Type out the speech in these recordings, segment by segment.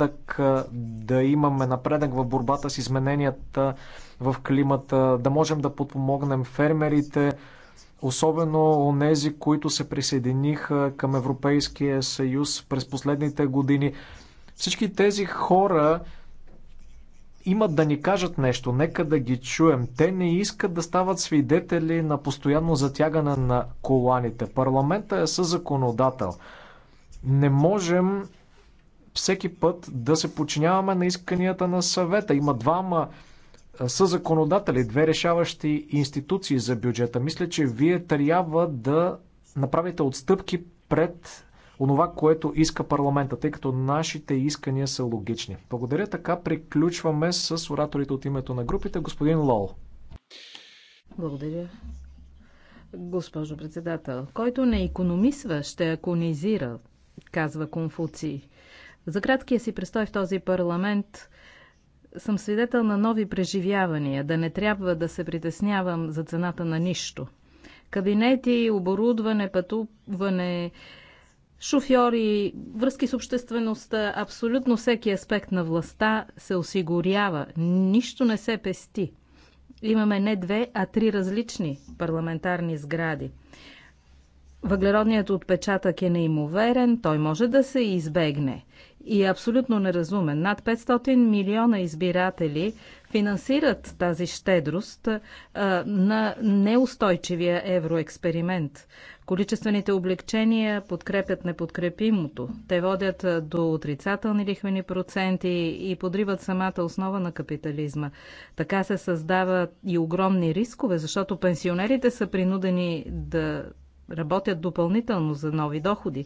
напредък, да имаме напредък в борбата с измененията в климата, да можем да подпомогнем фермерите, особено онези, които се присъединиха към Европейския съюз през последните години. Всички тези хора имат да ни кажат нещо, нека да ги чуем. Те не искат да стават свидетели на постоянно затягане на коланите. Парламента е със законодател. Не можем всеки път да се подчиняваме на исканията на съвета. Има двама са законодатели, две решаващи институции за бюджета. Мисля, че вие трябва да направите отстъпки пред онова, което иска парламента, тъй като нашите искания са логични. Благодаря. Така приключваме с ораторите от името на групите. Господин Лол. Благодаря. Госпожо председател, който не економисва, ще аконизира, казва Конфуций. За краткия си престой в този парламент съм свидетел на нови преживявания, да не трябва да се притеснявам за цената на нищо. Кабинети, оборудване, пътуване, шофьори, връзки с обществеността, абсолютно всеки аспект на властта се осигурява. Нищо не се пести. Имаме не две, а три различни парламентарни сгради. Въглеродният отпечатък е неимоверен, той може да се избегне и е абсолютно неразумен. Над 500 милиона избиратели финансират тази щедрост а, на неустойчивия евроексперимент. Количествените облегчения подкрепят неподкрепимото. Те водят до отрицателни лихвени проценти и подриват самата основа на капитализма. Така се създават и огромни рискове, защото пенсионерите са принудени да работят допълнително за нови доходи.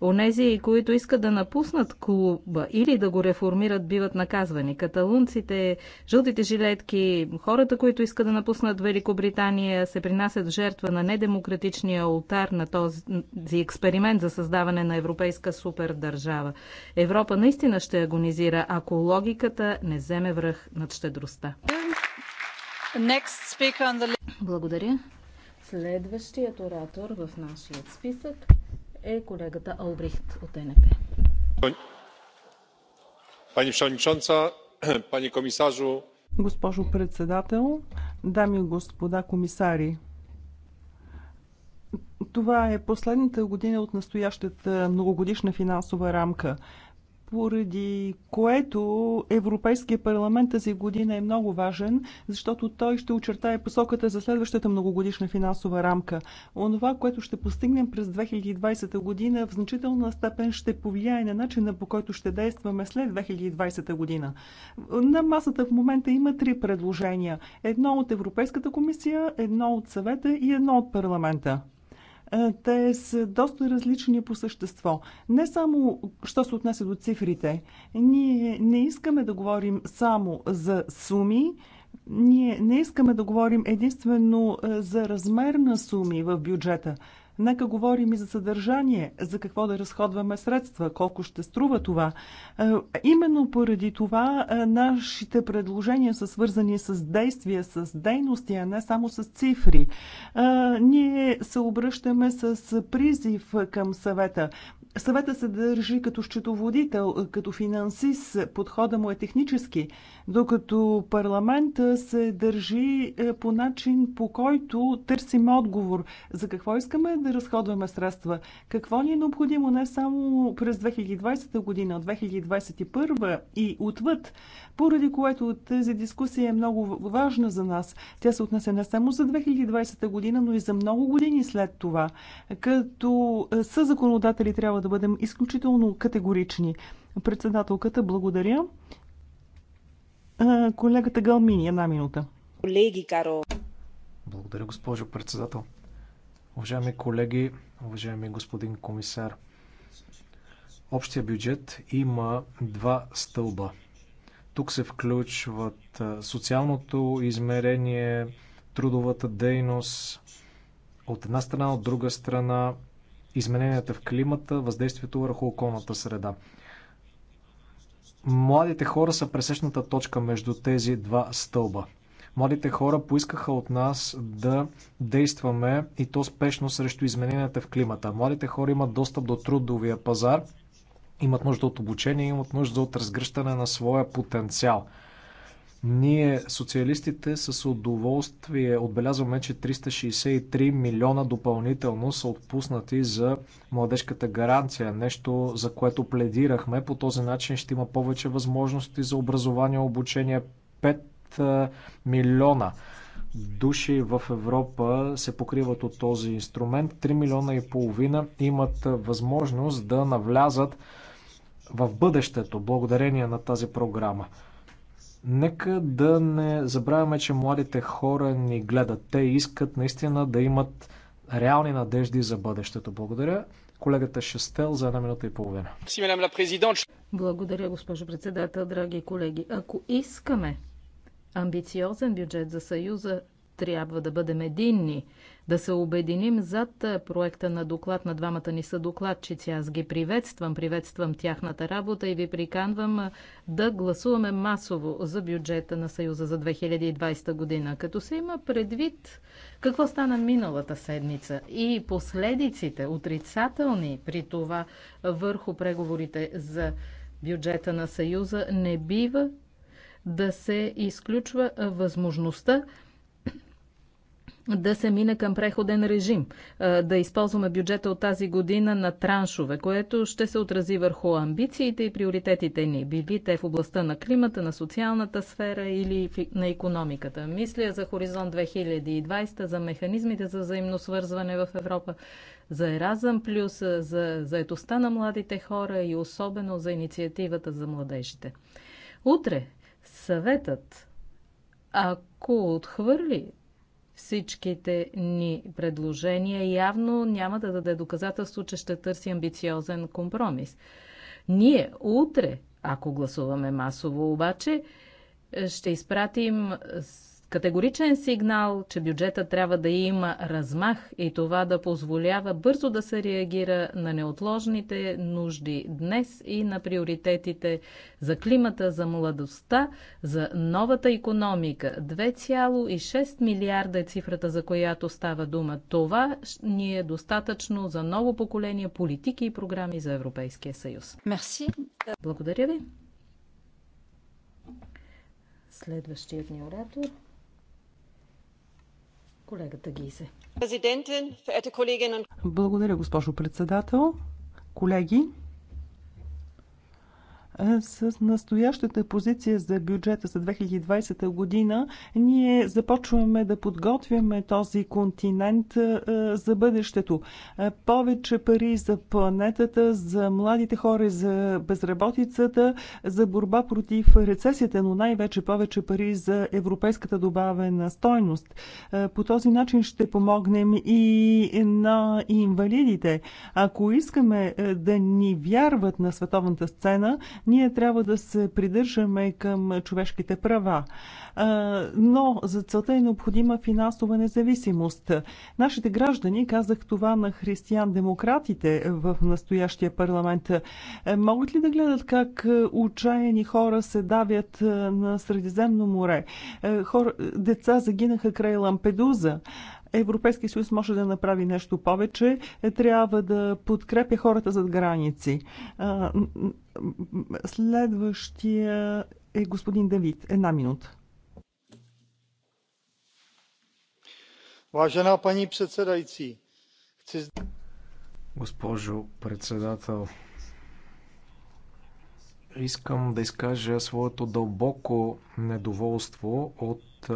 Онези, които искат да напуснат клуба или да го реформират, биват наказвани. Каталунците, жълтите жилетки, хората, които искат да напуснат Великобритания, се принасят в жертва на недемократичния ултар на този експеримент за създаване на европейска супердържава. Европа наистина ще агонизира, ако логиката не вземе връх над щедростта. The... Благодаря. Следващият оратор в нашия списък е колегата Олбрихт от НП. Пани Пшоничонца, пани комисажу. Госпожо председател, дами и господа комисари, това е последната година от настоящата многогодишна финансова рамка поради което Европейския парламент тази година е много важен, защото той ще очертае посоката за следващата многогодишна финансова рамка. Онова, което ще постигнем през 2020 година, в значителна степен ще повлияе на начина по който ще действаме след 2020 година. На масата в момента има три предложения. Едно от Европейската комисия, едно от съвета и едно от парламента. Е, те са доста различни по същество. Не само, що се отнесе до цифрите. Ние не искаме да говорим само за суми, ние не искаме да говорим единствено е, за размер на суми в бюджета. Нека говорим и за съдържание, за какво да разходваме средства, колко ще струва това. Е, именно поради това е, нашите предложения са свързани с действия, с дейности, а не само с цифри. Е, ние се обръщаме с призив към съвета. Съвета се държи като счетоводител, като финансист, подхода му е технически, докато парламента се държи е, по начин, по който търсим отговор за какво искаме да разходваме средства, какво ни е необходимо не само през 2020 година, 2021 и отвъд, поради което тази дискусия е много важна за нас. Тя се отнесе не само за 2020 година, но и за много години след това, като е, съзаконодатели трябва да да бъдем изключително категорични. Председателката, благодаря. Колегата Галмини, една минута. Колеги, Каро. Благодаря, госпожо председател. Уважаеми колеги, уважаеми господин комисар, общия бюджет има два стълба. Тук се включват социалното измерение, трудовата дейност, от една страна, от друга страна измененията в климата, въздействието върху околната среда. Младите хора са пресечната точка между тези два стълба. Младите хора поискаха от нас да действаме и то спешно срещу измененията в климата. Младите хора имат достъп до трудовия пазар, имат нужда от обучение, имат нужда от разгръщане на своя потенциал – ние, социалистите, с удоволствие отбелязваме, че 363 милиона допълнително са отпуснати за младежката гаранция. Нещо, за което пледирахме. По този начин ще има повече възможности за образование, обучение. 5 милиона души в Европа се покриват от този инструмент. 3 милиона и половина имат възможност да навлязат в бъдещето благодарение на тази програма. Нека да не забравяме, че младите хора ни гледат. Те искат наистина да имат реални надежди за бъдещето. Благодаря колегата Шестел за една минута и половина. Благодаря, госпожо председател, драги колеги. Ако искаме амбициозен бюджет за Съюза, трябва да бъдем единни, да се обединим зад проекта на доклад на двамата ни са докладчици. Аз ги приветствам, приветствам тяхната работа и ви приканвам да гласуваме масово за бюджета на Съюза за 2020 година. Като се има предвид какво стана миналата седмица и последиците отрицателни при това върху преговорите за бюджета на Съюза, не бива да се изключва възможността да се мине към преходен режим, да използваме бюджета от тази година на траншове, което ще се отрази върху амбициите и приоритетите ни, били те в областта на климата, на социалната сфера или на економиката. Мисля за Хоризонт 2020, за механизмите за взаимно свързване в Европа, за Еразъм Плюс, за заетостта на младите хора и особено за инициативата за младежите. Утре съветът ако отхвърли всичките ни предложения, явно няма да даде доказателство, че ще търси амбициозен компромис. Ние утре, ако гласуваме масово обаче, ще изпратим категоричен сигнал, че бюджета трябва да има размах и това да позволява бързо да се реагира на неотложните нужди днес и на приоритетите за климата, за младостта, за новата економика. 2,6 милиарда е цифрата, за която става дума. Това ни е достатъчно за ново поколение политики и програми за Европейския съюз. Мерси. Благодаря ви. Следващият ни оратор. Колегата Гисе. Благодаря, госпожо председател. Колеги, с настоящата позиция за бюджета за 2020 година ние започваме да подготвяме този континент за бъдещето. Повече пари за планетата, за младите хора, за безработицата, за борба против рецесията, но най-вече повече пари за европейската добавена стойност. По този начин ще помогнем и на инвалидите. Ако искаме да ни вярват на световната сцена, ние трябва да се придържаме към човешките права, но за целта е необходима финансова независимост. Нашите граждани, казах това на християн-демократите в настоящия парламент, е, могат ли да гледат как е, отчаяни хора се давят е, на Средиземно море? Хора, деца загинаха край Лампедуза. Европейския съюз може да направи нещо повече. Е, трябва да подкрепя хората зад граници. Следващия е господин Давид. Една минута. Важена пани председайци, Госпожо председател, искам да изкажа своето дълбоко недоволство от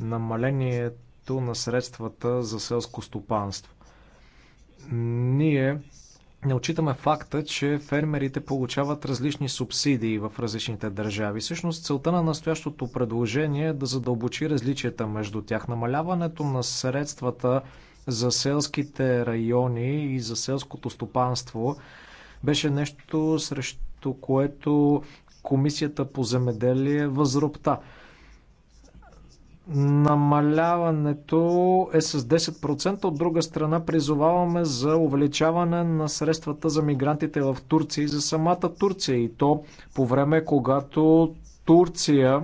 намалението на средствата за селско стопанство. Ние не отчитаме факта, че фермерите получават различни субсидии в различните държави. Всъщност целта на настоящото предложение е да задълбочи различията между тях. Намаляването на средствата за селските райони и за селското стопанство беше нещо срещу което Комисията по земеделие възропта намаляването е с 10%. От друга страна призоваваме за увеличаване на средствата за мигрантите в Турция и за самата Турция. И то по време, когато Турция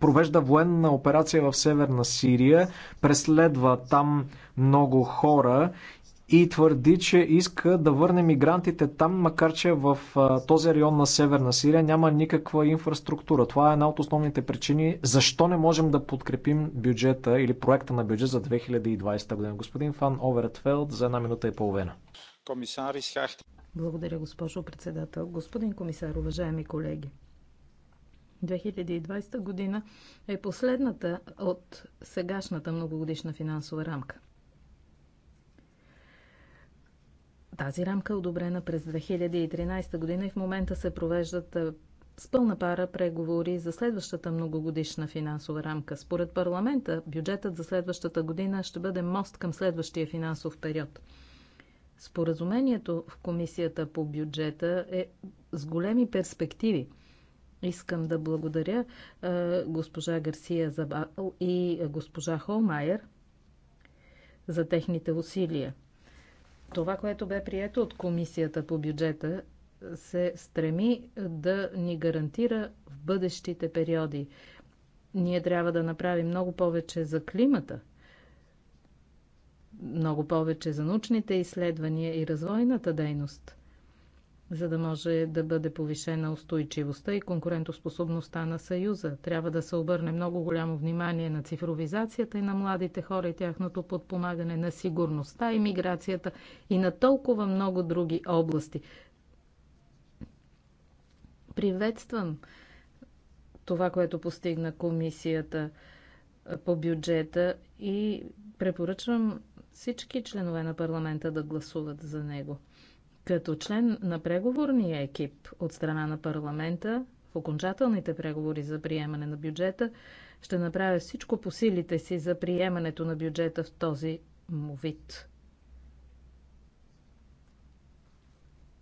провежда военна операция в Северна Сирия, преследва там много хора и твърди, че иска да върне мигрантите там, макар че в този район на Северна Сирия няма никаква инфраструктура. Това е една от основните причини защо не можем да подкрепим бюджета или проекта на бюджет за 2020 година. Господин Фан Овертфелд за една минута и половина. Комисар Исхахт. Благодаря, госпожо председател. Господин комисар, уважаеми колеги. 2020 година е последната от сегашната многогодишна финансова рамка. Тази рамка е одобрена през 2013 година и в момента се провеждат с пълна пара преговори за следващата многогодишна финансова рамка. Според парламента, бюджетът за следващата година ще бъде мост към следващия финансов период. Споразумението в Комисията по бюджета е с големи перспективи. Искам да благодаря госпожа Гарсия Забал и госпожа Холмайер за техните усилия. Това, което бе прието от Комисията по бюджета, се стреми да ни гарантира в бъдещите периоди. Ние трябва да направим много повече за климата, много повече за научните изследвания и развойната дейност – за да може да бъде повишена устойчивостта и конкурентоспособността на Съюза. Трябва да се обърне много голямо внимание на цифровизацията и на младите хора и тяхното подпомагане, на сигурността и миграцията и на толкова много други области. Приветствам това, което постигна комисията по бюджета и препоръчвам всички членове на парламента да гласуват за него. Като член на преговорния екип от страна на парламента в окончателните преговори за приемане на бюджета ще направя всичко по силите си за приемането на бюджета в този му вид.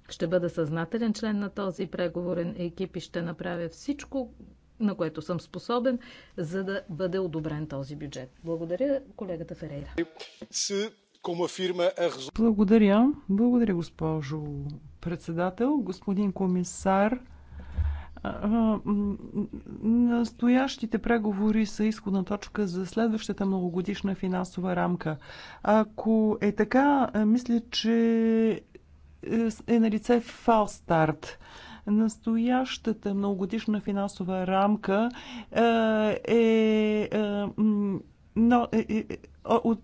Ще бъда съзнателен член на този преговорен екип и ще направя всичко, на което съм способен, за да бъде одобрен този бюджет. Благодаря, колегата Ферейра. Благодаря. Благодаря, госпожо председател. Господин комисар, Настоящите преговори са изходна точка за следващата многогодишна финансова рамка. Ако е така, мисля, че е, е на лице фал старт. Настоящата многогодишна финансова рамка е, е, но, е, е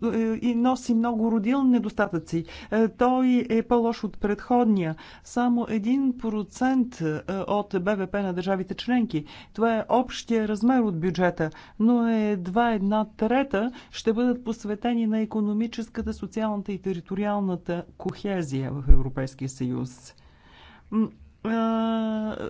е, и носи много родилни недостатъци. Е, той е по-лош от предходния. Само 1% е, от БВП на държавите членки. Това е общия размер от бюджета, но едва една трета ще бъдат посветени на економическата, социалната и териториалната кохезия в Европейския съюз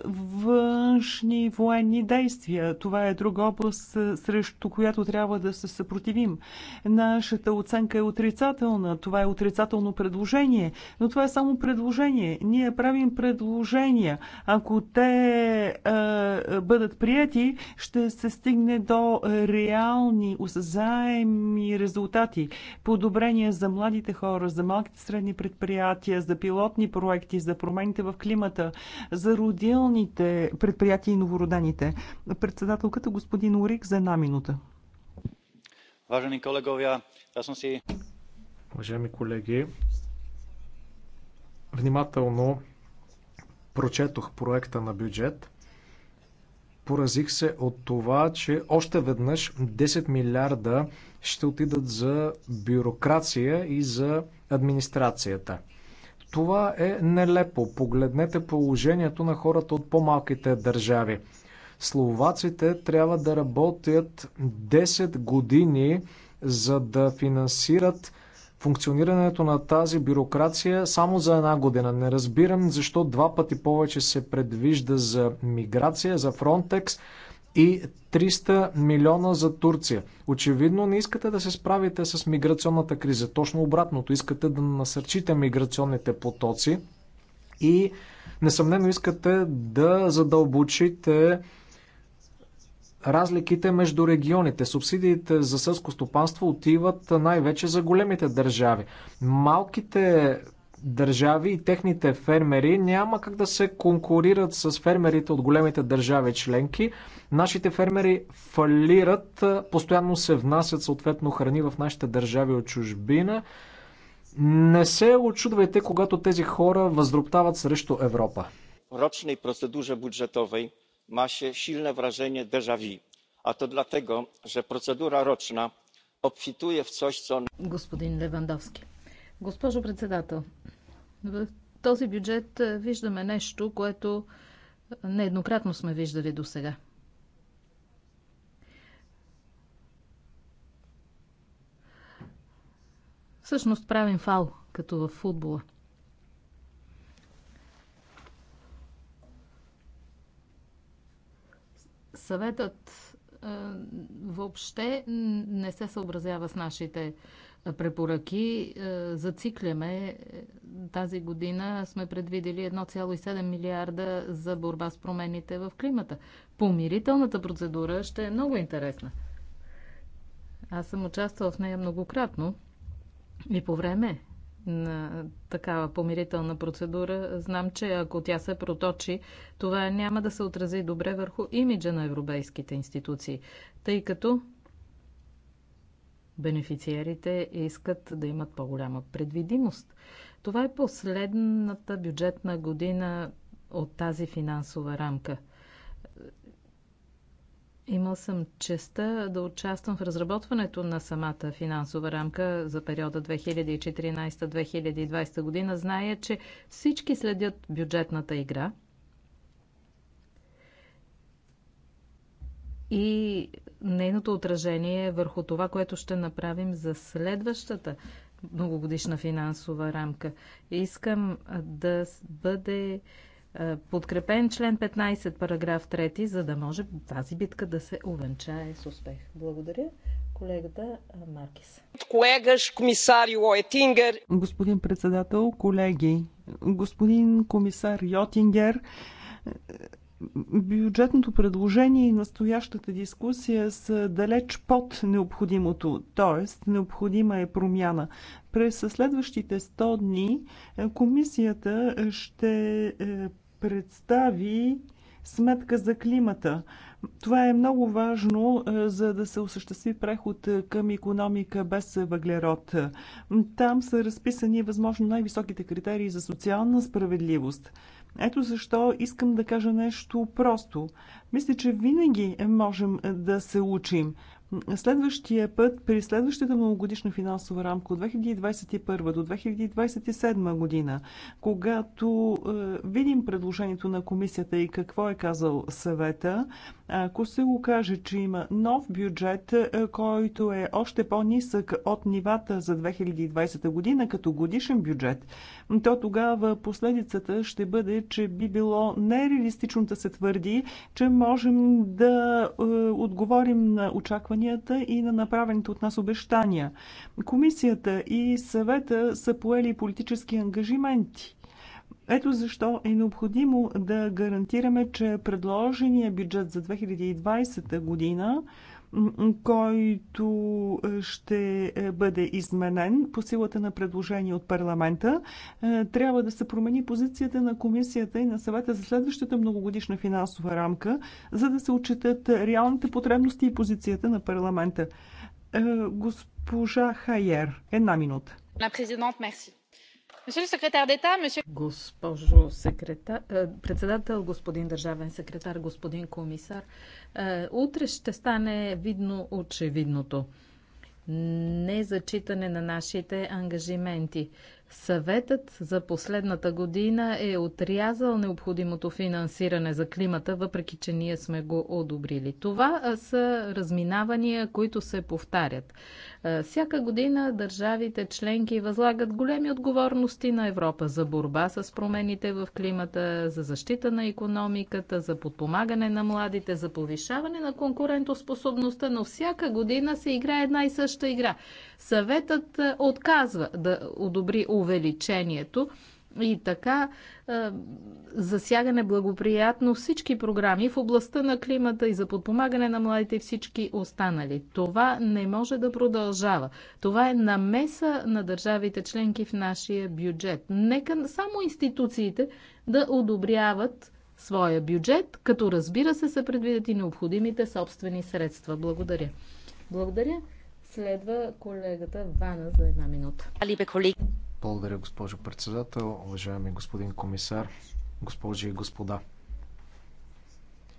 външни военни действия. Това е друга област, срещу която трябва да се съпротивим. Нашата оценка е отрицателна. Това е отрицателно предложение. Но това е само предложение. Ние правим предложения. Ако те а, бъдат прияти, ще се стигне до реални, осъзаеми резултати. Подобрения за младите хора, за малките средни предприятия, за пилотни проекти, за промените в климата – за родилните предприятия и новородените. Председателката господин Орик за една минута. Важени колеги, аз съм си... Уважаеми колеги, внимателно прочетох проекта на бюджет. Поразих се от това, че още веднъж 10 милиарда ще отидат за бюрокрация и за администрацията. Това е нелепо. Погледнете положението на хората от по-малките държави. Словаците трябва да работят 10 години, за да финансират функционирането на тази бюрокрация само за една година. Не разбирам защо два пъти повече се предвижда за миграция, за Фронтекс, и 300 милиона за Турция. Очевидно не искате да се справите с миграционната криза. Точно обратното, искате да насърчите миграционните потоци и несъмнено искате да задълбочите разликите между регионите. Субсидиите за сълско стопанство отиват най-вече за големите държави. Малките държави и техните фермери няма как да се конкурират с фермерите от големите държави членки. Нашите фермери фалират, постоянно се внасят съответно храни в нашите държави от чужбина. Не се очудвайте, когато тези хора въздроптават срещу Европа. Rocznej procedurze budżetowej ma się silne wrażenie déjà vu, a to dlatego, że процедура рочна obfituje в coś, Господин Левандовски. Госпожо председател, в този бюджет е, виждаме нещо, което е, нееднократно сме виждали до сега. Всъщност правим фал, като в футбола. Съветът е, въобще не се съобразява с нашите препоръки. Е, Зацикляме. Тази година сме предвидели 1,7 милиарда за борба с промените в климата. Помирителната процедура ще е много интересна. Аз съм участвал в нея многократно и по време на такава помирителна процедура, знам, че ако тя се проточи, това няма да се отрази добре върху имиджа на европейските институции, тъй като бенефициерите искат да имат по-голяма предвидимост. Това е последната бюджетна година от тази финансова рамка. Имал съм честа да участвам в разработването на самата финансова рамка за периода 2014-2020 година. Зная, че всички следят бюджетната игра – и нейното отражение е върху това, което ще направим за следващата многогодишна финансова рамка. Искам да бъде подкрепен член 15, параграф 3, за да може тази битка да се увенчае с успех. Благодаря колегата Маркис. Колегаш, комисар Йотингер. Господин председател, колеги, господин комисар Йотингер, бюджетното предложение и настоящата дискусия са далеч под необходимото, т.е. необходима е промяна. През следващите 100 дни е, комисията ще е, представи сметка за климата. Това е много важно, е, за да се осъществи преход към економика без въглерод. Там са разписани възможно най-високите критерии за социална справедливост – ето защо искам да кажа нещо просто. Мисля, че винаги можем да се учим. Следващия път, при следващата многогодишна финансова рамка от 2021 до 2027 година, когато е, видим предложението на комисията и какво е казал съвета, ако се окаже, че има нов бюджет, е, който е още по-нисък от нивата за 2020 година като годишен бюджет, то тогава последицата ще бъде, че би било нереалистично да се твърди, че можем да е, отговорим на очакванията и на направените от нас обещания. Комисията и съвета са поели политически ангажименти. Ето защо е необходимо да гарантираме, че предложения бюджет за 2020 година който е, ще е, бъде изменен по силата на предложение от парламента. Е, трябва да се промени позицията на комисията и на съвета за следващата многогодишна финансова рамка, за да се отчитат реалните потребности и позицията на парламента. Госпожа Хайер, една минута. На президент, мерси. Госпожо секретар, е, председател, господин държавен секретар, господин комисар, е, утре ще стане видно очевидното незачитане на нашите ангажименти. Съветът за последната година е отрязал необходимото финансиране за климата, въпреки че ние сме го одобрили. Това са разминавания, които се повтарят. Всяка година държавите членки възлагат големи отговорности на Европа за борба с промените в климата, за защита на економиката, за подпомагане на младите, за повишаване на конкурентоспособността, но всяка година се играе една и съща игра. Съветът е, отказва да одобри увеличението и така е, засяга неблагоприятно всички програми в областта на климата и за подпомагане на младите и всички останали. Това не може да продължава. Това е намеса на държавите членки в нашия бюджет. Нека само институциите да одобряват своя бюджет, като разбира се се предвидят и необходимите собствени средства. Благодаря. Благодаря. Следва колегата Вана за една минута. Благодаря, госпожо председател, уважаеми господин комисар, госпожи и господа.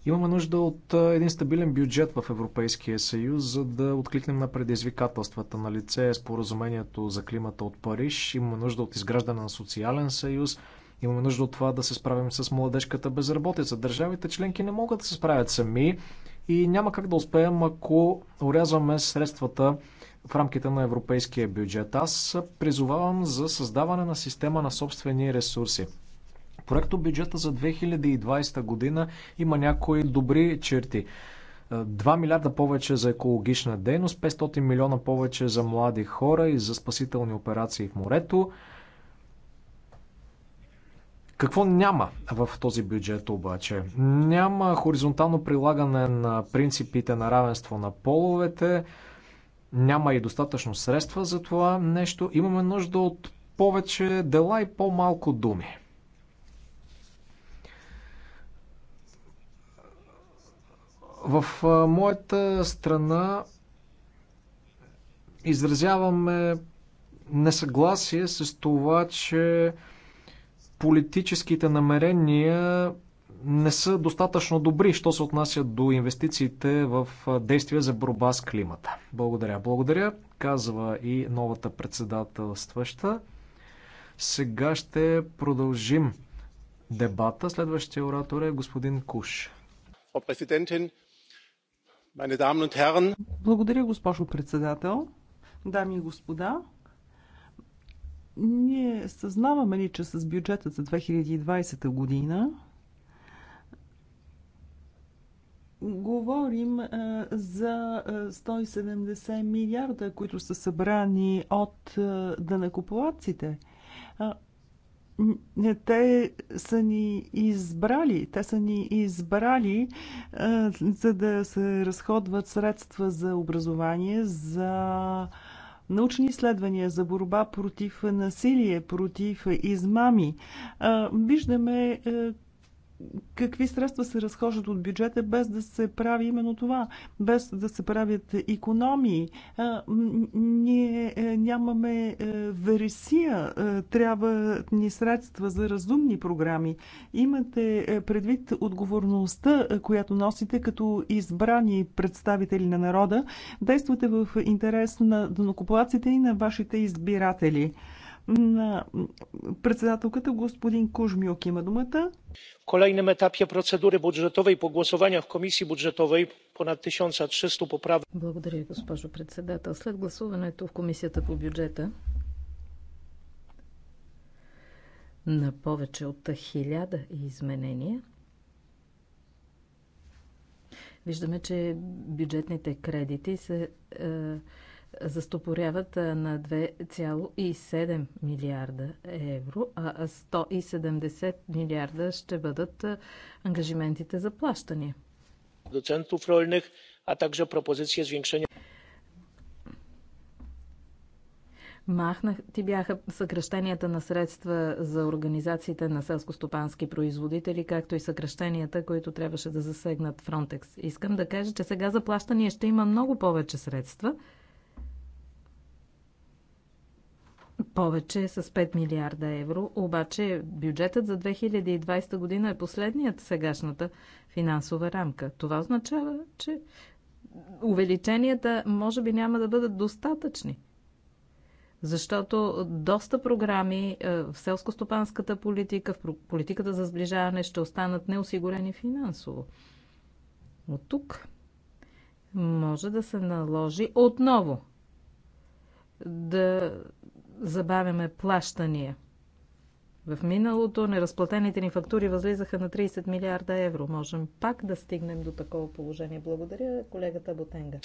Имаме нужда от един стабилен бюджет в Европейския съюз, за да откликнем на предизвикателствата. На лице споразумението за климата от Париж. Имаме нужда от изграждане на социален съюз. Имаме нужда от това да се справим с младежката безработица. Държавите членки не могат да се справят сами и няма как да успеем, ако урязваме средствата в рамките на европейския бюджет. Аз призовавам за създаване на система на собствени ресурси. Проекто бюджета за 2020 година има някои добри черти. 2 милиарда повече за екологична дейност, 500 милиона повече за млади хора и за спасителни операции в морето, какво няма в този бюджет обаче? Няма хоризонтално прилагане на принципите на равенство на половете, няма и достатъчно средства за това нещо. Имаме нужда от повече дела и по-малко думи. В моята страна изразяваме несъгласие с това, че политическите намерения не са достатъчно добри, що се отнася до инвестициите в действия за борба с климата. Благодаря, благодаря, казва и новата председателстваща. Сега ще продължим дебата. Следващия оратор е господин Куш. Благодаря, госпожо председател. Дами и господа, ние съзнаваме ли, че с бюджета за 2020 година говорим за 170 милиарда, които са събрани от не, Те са ни избрали, те са ни избрали за да се разходват средства за образование, за научни изследвания за борба против насилие, против измами. Виждаме какви средства се разхождат от бюджета без да се прави именно това, без да се правят економии. Ние е, нямаме е, вересия, е, трябва ни средства за разумни програми. Имате предвид отговорността, която носите като избрани представители на народа. Действате в интерес на донокоплаците и на вашите избиратели на председателката господин Кужмюк има думата. Колейним kolejnym процедури procedury по po в комисии Komisji Budżetowej понад 1300 poprawek. Благодаря, госпожо председател. След гласуването в Комисията по бюджета на повече от 1000 изменения, виждаме, че бюджетните кредити се е, застопоряват на 2,7 милиарда евро, а 170 милиарда ще бъдат ангажиментите за плащания. Доцентов рольних, а также пропозиция zwiększenia Махнах ти бяха съкръщенията на средства за организациите на селско-стопански производители, както и съкръщенията, които трябваше да засегнат Фронтекс. Искам да кажа, че сега за плащания ще има много повече средства – повече с 5 милиарда евро, обаче бюджетът за 2020 година е последният сегашната финансова рамка. Това означава, че увеличенията може би няма да бъдат достатъчни. Защото доста програми е, в селско-стопанската политика, в политиката за сближаване ще останат неосигурени финансово. От тук може да се наложи отново да забавяме плащания. В миналото неразплатените ни фактури възлизаха на 30 милиарда евро. Можем пак да стигнем до такова положение. Благодаря колегата Ботенга.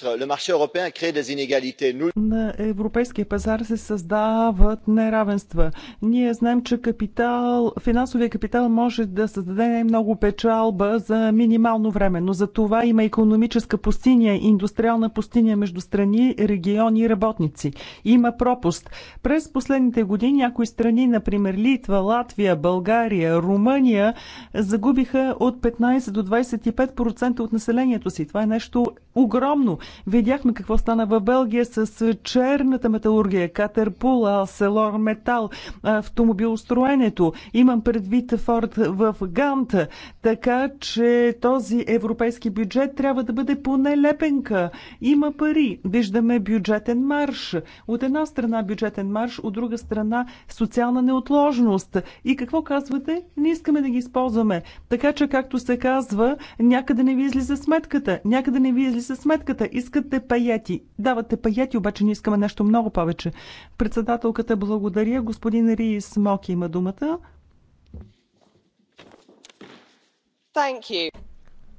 На европейския пазар се създават неравенства. Ние знаем, че капитал, финансовия капитал може да създаде много печалба за минимално време, но за това има економическа пустиня, индустриална пустиня между страни, региони и работници. Има пропуст. През последните години някои страни, например Литва, Латвия, България, Румъния загубиха от 15 до 25% от населението си. Това е нещо огромно. Видяхме какво стана в Белгия с черната металургия, Катерпул, Селор Метал, автомобилостроенето. Имам предвид Форд в Ганта, така че този европейски бюджет трябва да бъде поне лепенка. Има пари. Виждаме бюджетен марш. От една страна бюджетен марш, от друга страна социална неотложност. И какво казвате? Не искаме да ги използваме. Така че, както се казва, някъде не ви излиза сметката, някъде не ви излиза с сметката. Искате паяти. Давате паяти, обаче не искаме нещо много повече. Председателката благодаря. Господин Рис Моки има думата.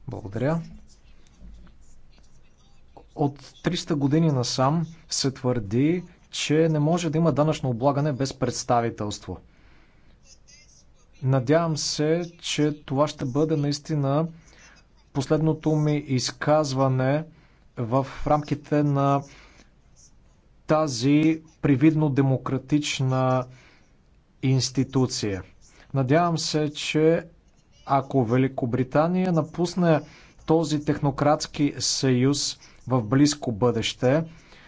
Благодаря. От 300 години насам се твърди, че не може да има данъчно облагане без представителство. Надявам се, че това ще бъде наистина последното ми изказване в рамките на тази привидно демократична институция. Надявам се, че ако Великобритания напусне този технократски съюз в близко бъдеще,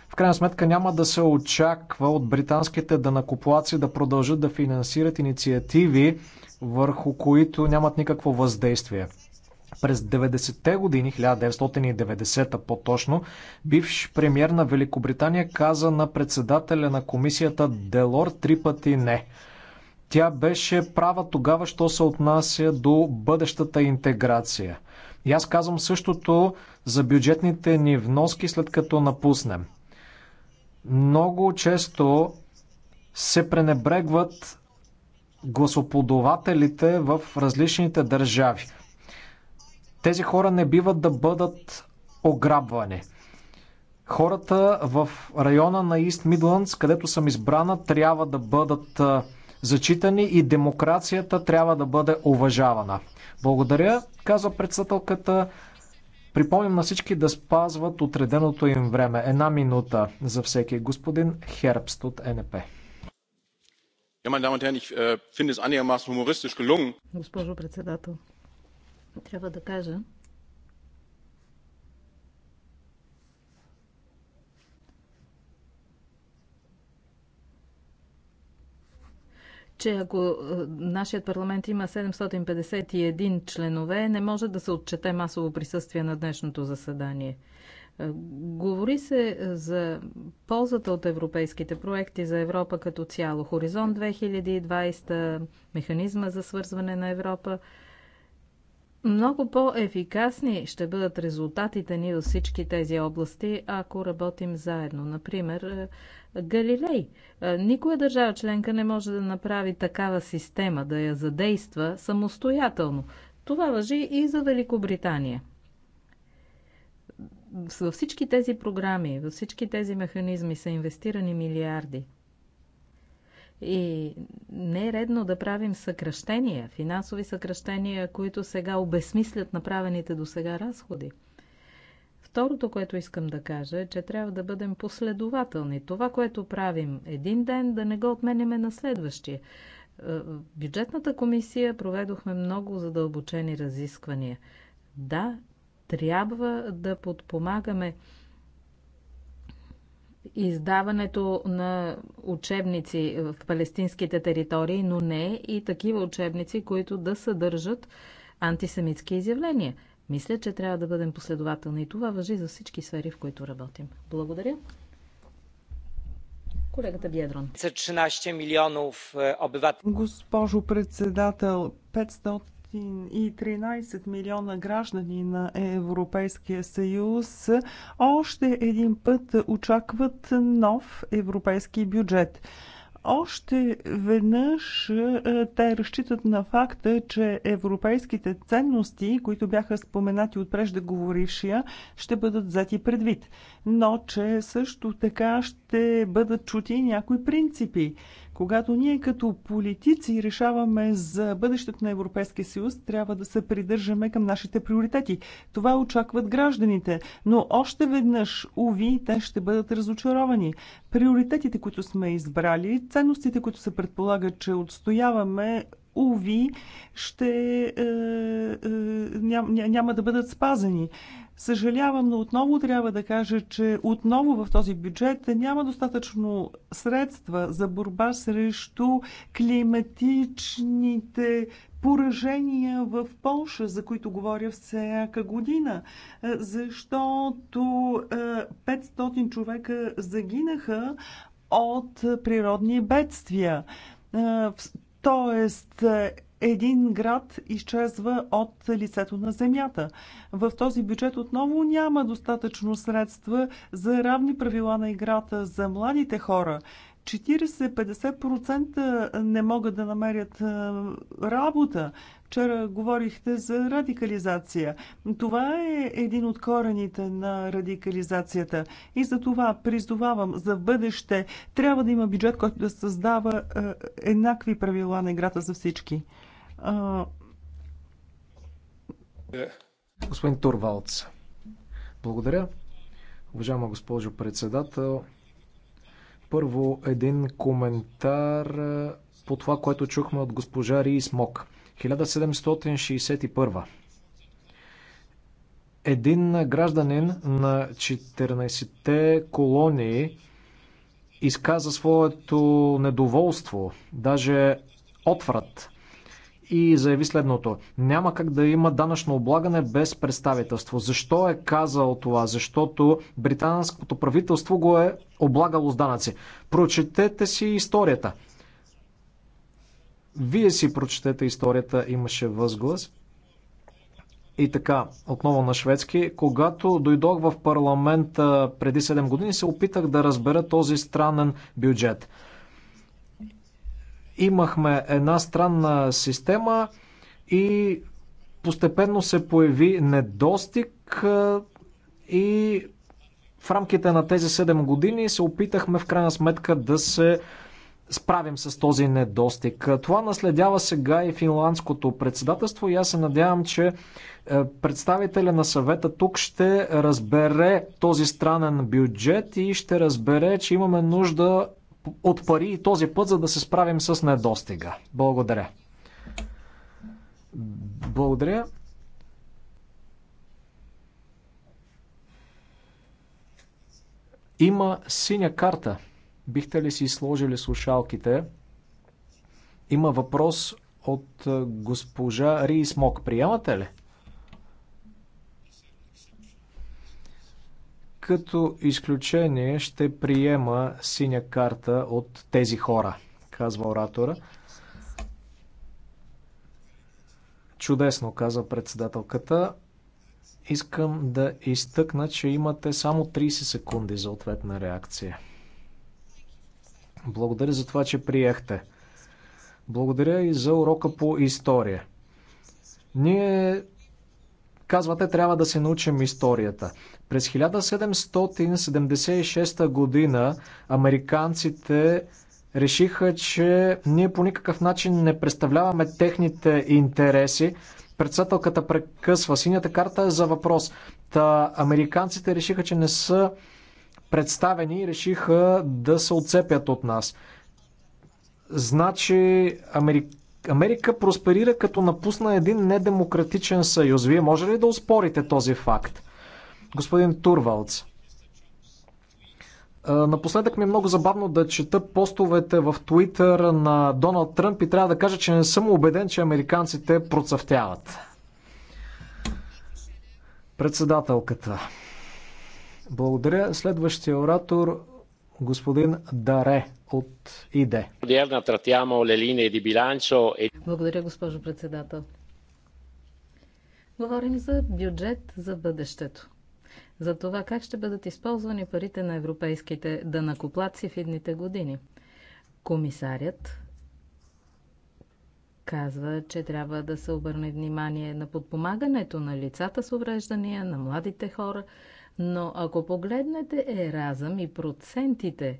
в крайна сметка няма да се очаква от британските данакоплаци да продължат да финансират инициативи, върху които нямат никакво въздействие. През 90-те години, 1990-та по-точно, бивш премьер на Великобритания каза на председателя на комисията Делор три пъти не. Тя беше права тогава, що се отнася до бъдещата интеграция. И аз казвам същото за бюджетните ни вноски след като напуснем. Много често се пренебрегват гласоподавателите в различните държави. Тези хора не биват да бъдат ограбвани. Хората в района на Ист Мидландс, където съм избрана, трябва да бъдат зачитани и демокрацията трябва да бъде уважавана. Благодаря, казва председателката. Припомням на всички да спазват отреденото им време. Една минута за всеки. Господин Хербст от НП. Äh, Госпожо председател, трябва да кажа, че ако е, нашият парламент има 751 членове, не може да се отчете масово присъствие на днешното заседание. Е, говори се е, за ползата от европейските проекти за Европа като цяло. Хоризонт 2020, механизма за свързване на Европа – много по-ефикасни ще бъдат резултатите ни във всички тези области, ако работим заедно. Например, е, Галилей. Е, никоя държава членка не може да направи такава система, да я задейства самостоятелно. Това въжи и за Великобритания. Във всички тези програми, във всички тези механизми са инвестирани милиарди – и не е редно да правим съкръщения, финансови съкръщения, които сега обесмислят направените до сега разходи. Второто, което искам да кажа е, че трябва да бъдем последователни. Това, което правим един ден, да не го отменяме на следващия. В е, бюджетната комисия проведохме много задълбочени разисквания. Да, трябва да подпомагаме издаването на учебници в палестинските територии, но не и такива учебници, които да съдържат антисемитски изявления. Мисля, че трябва да бъдем последователни и това въжи за всички сфери, в които работим. Благодаря. Колегата Биедрон. За 13 милионов е, обивател. Госпожо председател, 500 13 милиона граждани на Европейския съюз още един път очакват нов европейски бюджет. Още веднъж е, те разчитат на факта, че европейските ценности, които бяха споменати от преждеговорившия, ще бъдат взети предвид. Но че също така ще бъдат чути някои принципи. Когато ние като политици решаваме за бъдещето на Европейския съюз, трябва да се придържаме към нашите приоритети. Това очакват гражданите, но още веднъж, уви, те ще бъдат разочаровани. Приоритетите, които сме избрали, ценностите, които се предполагат, че отстояваме, уви, ще, е, е, ням, няма да бъдат спазени. Съжалявам, но отново трябва да кажа, че отново в този бюджет няма достатъчно средства за борба срещу климатичните поражения в Польша, за които говоря всяка година, е, защото 500 е, човека загинаха от природни бедствия. Е, тоест, един град изчезва от лицето на земята. В този бюджет отново няма достатъчно средства за равни правила на играта за младите хора. 40-50% не могат да намерят работа. Вчера говорихте за радикализация. Това е един от корените на радикализацията. И за това призовавам за бъдеще трябва да има бюджет, който да създава еднакви правила на играта за всички. Господин Турвалц, благодаря. Уважаема госпожо председател, първо един коментар по това, което чухме от госпожа Рис Мок. 1761. Един гражданин на 14-те колонии изказа своето недоволство, даже отврат и заяви следното. Няма как да има данъчно облагане без представителство. Защо е казал това? Защото британското правителство го е облагало с данъци. Прочетете си историята. Вие си прочетете историята, имаше възглас. И така, отново на шведски. Когато дойдох в парламента преди 7 години, се опитах да разбера този странен бюджет. Имахме една странна система и постепенно се появи недостиг и в рамките на тези 7 години се опитахме в крайна сметка да се справим с този недостиг. Това наследява сега и финландското председателство и аз се надявам, че е, представителя на съвета тук ще разбере този странен бюджет и ще разбере, че имаме нужда от пари и този път, за да се справим с недостига. Благодаря. Благодаря. Има синя карта. Бихте ли си сложили слушалките? Има въпрос от госпожа Рис Мок Приемате ли? като изключение ще приема синя карта от тези хора, казва оратора. Чудесно, казва председателката. Искам да изтъкна, че имате само 30 секунди за ответна реакция. Благодаря за това, че приехте. Благодаря и за урока по история. Ние, казвате, трябва да се научим историята. През 1776 година американците решиха, че ние по никакъв начин не представляваме техните интереси. Председателката прекъсва. Синята карта е за въпрос. Та американците решиха, че не са представени и решиха да се отцепят от нас. Значи Америка, Америка просперира като напусна един недемократичен съюз. Вие може ли да успорите този факт? господин Турвалц. Напоследък ми е много забавно да чета постовете в Твитър на Доналд Тръмп и трябва да кажа, че не съм убеден, че американците процъфтяват. Председателката. Благодаря. Следващия оратор господин Даре от ИДЕ. E- Благодаря, госпожо председател. Говорим за бюджет за бъдещето за това как ще бъдат използвани парите на европейските данакоплаци в идните години. Комисарят казва, че трябва да се обърне внимание на подпомагането на лицата с увреждания, на младите хора, но ако погледнете Еразъм и процентите,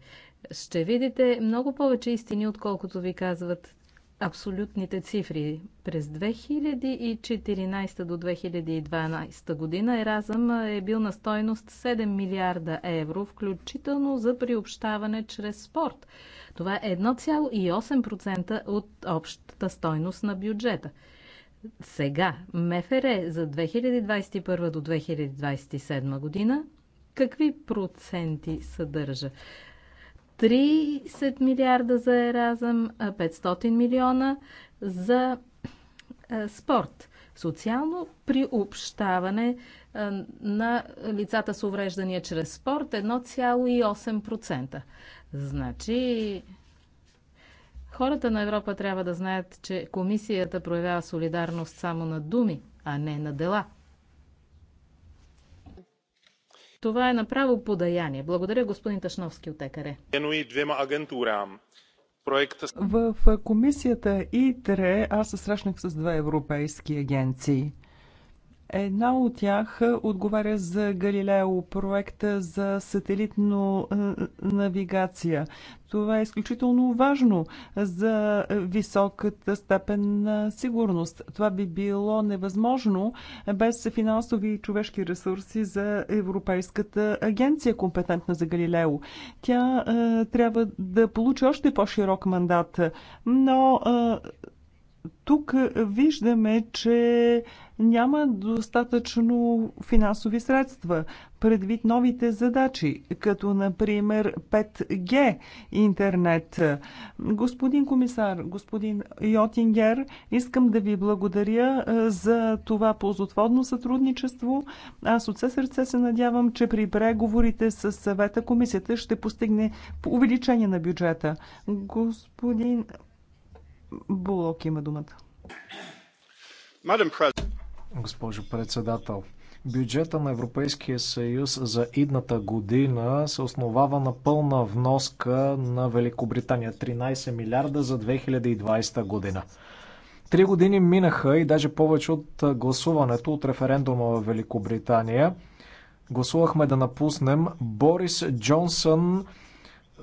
ще видите много повече истини, отколкото ви казват абсолютните цифри. През 2014 до 2012 година Еразъм е бил на стойност 7 милиарда евро, включително за приобщаване чрез спорт. Това е 1,8% от общата стойност на бюджета. Сега МФР е за 2021 до 2027 година какви проценти съдържа? 30 милиарда за еразъм, 500 милиона за спорт. Социално приобщаване на лицата с увреждания чрез спорт 1,8%. Значи, хората на Европа трябва да знаят, че комисията проявява солидарност само на думи, а не на дела – това е направо подаяние. Благодаря господин Ташновски от ЕКР. двема агентурам В комисията ИТРЕ аз се срещнах с две европейски агенции. Една от тях е, отговаря за Галилео, проекта за сателитно е, навигация. Това е изключително важно за високата степен на сигурност. Това би било невъзможно без финансови и човешки ресурси за Европейската агенция, компетентна за Галилео. Тя е, трябва да получи още по-широк мандат, но е, тук е, виждаме, че няма достатъчно финансови средства предвид новите задачи, като например 5G интернет. Господин комисар, господин Йотингер, искам да ви благодаря е, за това ползотворно сътрудничество. Аз от все сърце се надявам, че при преговорите с съвета комисията ще постигне увеличение на бюджета. Господин Булок има думата. Госпожо председател, бюджета на Европейския съюз за идната година се основава на пълна вноска на Великобритания 13 милиарда за 2020 година. Три години минаха и даже повече от гласуването от референдума в Великобритания. Гласувахме да напуснем. Борис Джонсън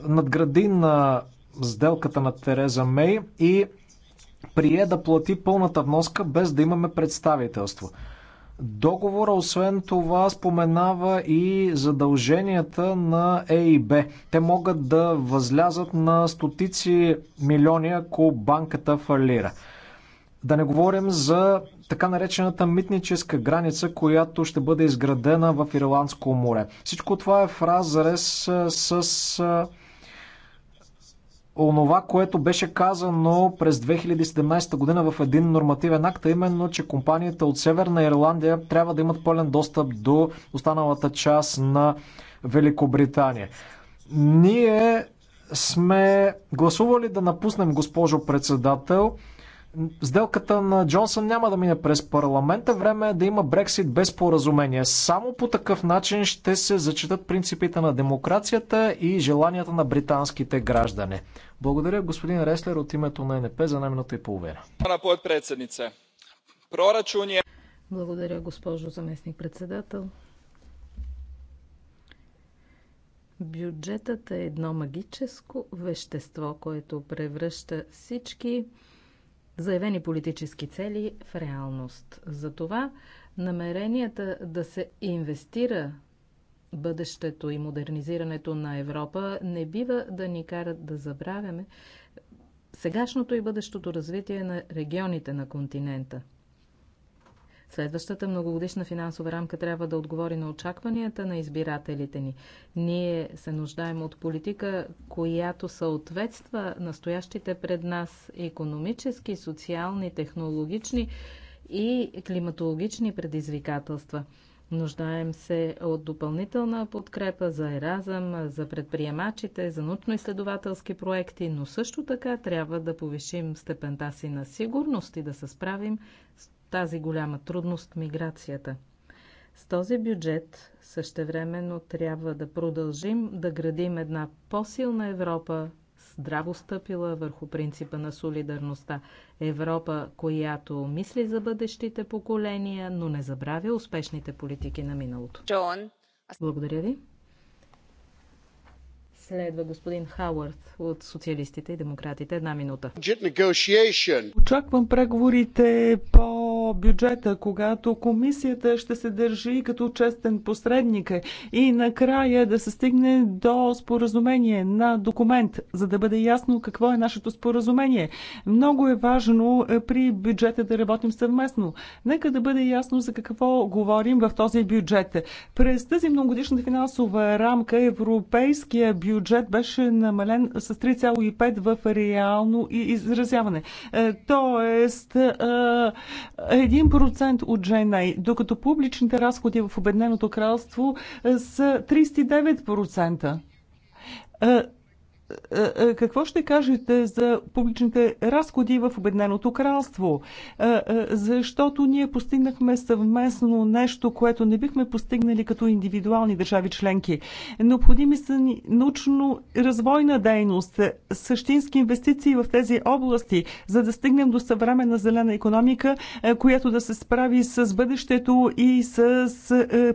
надгради на сделката на Тереза Мей и прие да плати пълната вноска без да имаме представителство. Договора, освен това, споменава и задълженията на ЕИБ. Те могат да възлязат на стотици милиони, ако банката фалира. Да не говорим за така наречената митническа граница, която ще бъде изградена в Ирландско море. Всичко това е в разрез с онова, което беше казано през 2017 година в един нормативен акт, а именно, че компаниите от Северна Ирландия трябва да имат пълен достъп до останалата част на Великобритания. Ние сме гласували да напуснем, госпожо председател, Сделката на Джонсън няма да мине през парламента. Време е да има Брексит без поразумение. Само по такъв начин ще се зачитат принципите на демокрацията и желанията на британските граждани. Благодаря господин Реслер от името на НП за една минута и половина. Благодаря, госпожо заместник председател. Бюджетът е едно магическо вещество, което превръща всички заявени политически цели в реалност. Затова намеренията да се инвестира бъдещето и модернизирането на Европа не бива да ни карат да забравяме сегашното и бъдещото развитие на регионите на континента – Следващата многогодишна финансова рамка трябва да отговори на очакванията на избирателите ни. Ние се нуждаем от политика, която съответства настоящите пред нас економически, социални, технологични и климатологични предизвикателства. Нуждаем се от допълнителна подкрепа за еразъм, за предприемачите, за научно-изследователски проекти, но също така трябва да повишим степента си на сигурност и да се справим с тази голяма трудност миграцията. С този бюджет същевременно трябва да продължим да градим една по-силна Европа, здраво стъпила върху принципа на солидарността. Европа, която мисли за бъдещите поколения, но не забравя успешните политики на миналото. Джон. Благодаря ви. Следва господин Хауърт от социалистите и демократите. Една минута. Очаквам преговорите по бюджета, когато комисията ще се държи като честен посредник и накрая да се стигне до споразумение на документ, за да бъде ясно какво е нашето споразумение. Много е важно е, при бюджета да работим съвместно. Нека да бъде ясно за какво говорим в този бюджет. През тази многогодишната финансова рамка европейския бюджет беше намален с 3,5 в реално изразяване. Е, тоест, е, 1% от ЖНА, докато публичните разходи в Обединеното кралство е, са 39%. Е, е, какво ще кажете за публичните разходи в Обедненото кралство? Е, защото ние постигнахме съвместно нещо, което не бихме постигнали като индивидуални държави членки. Необходими са ни научно-развойна дейност, същински инвестиции в тези области, за да стигнем до съвременна зелена економика, която да се справи с бъдещето и с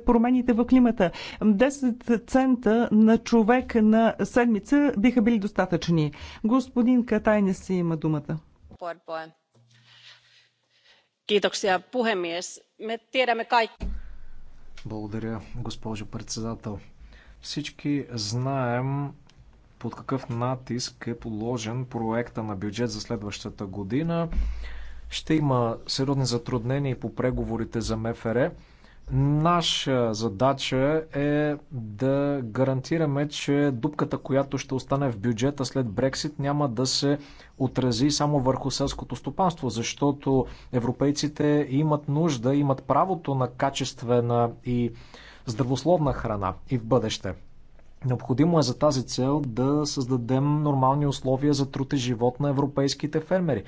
промените в климата. 10 цента на човек на седмица биха биха били достатъчни. Господин Катайне си има думата. Благодаря, госпожо председател. Всички знаем под какъв натиск е положен проекта на бюджет за следващата година. Ще има сериозни затруднения по преговорите за МФР. Наша задача е да гарантираме, че дупката, която ще остане в бюджета след Брексит, няма да се отрази само върху селското стопанство, защото европейците имат нужда, имат правото на качествена и здравословна храна и в бъдеще. Необходимо е за тази цел да създадем нормални условия за труд и живот на европейските фермери.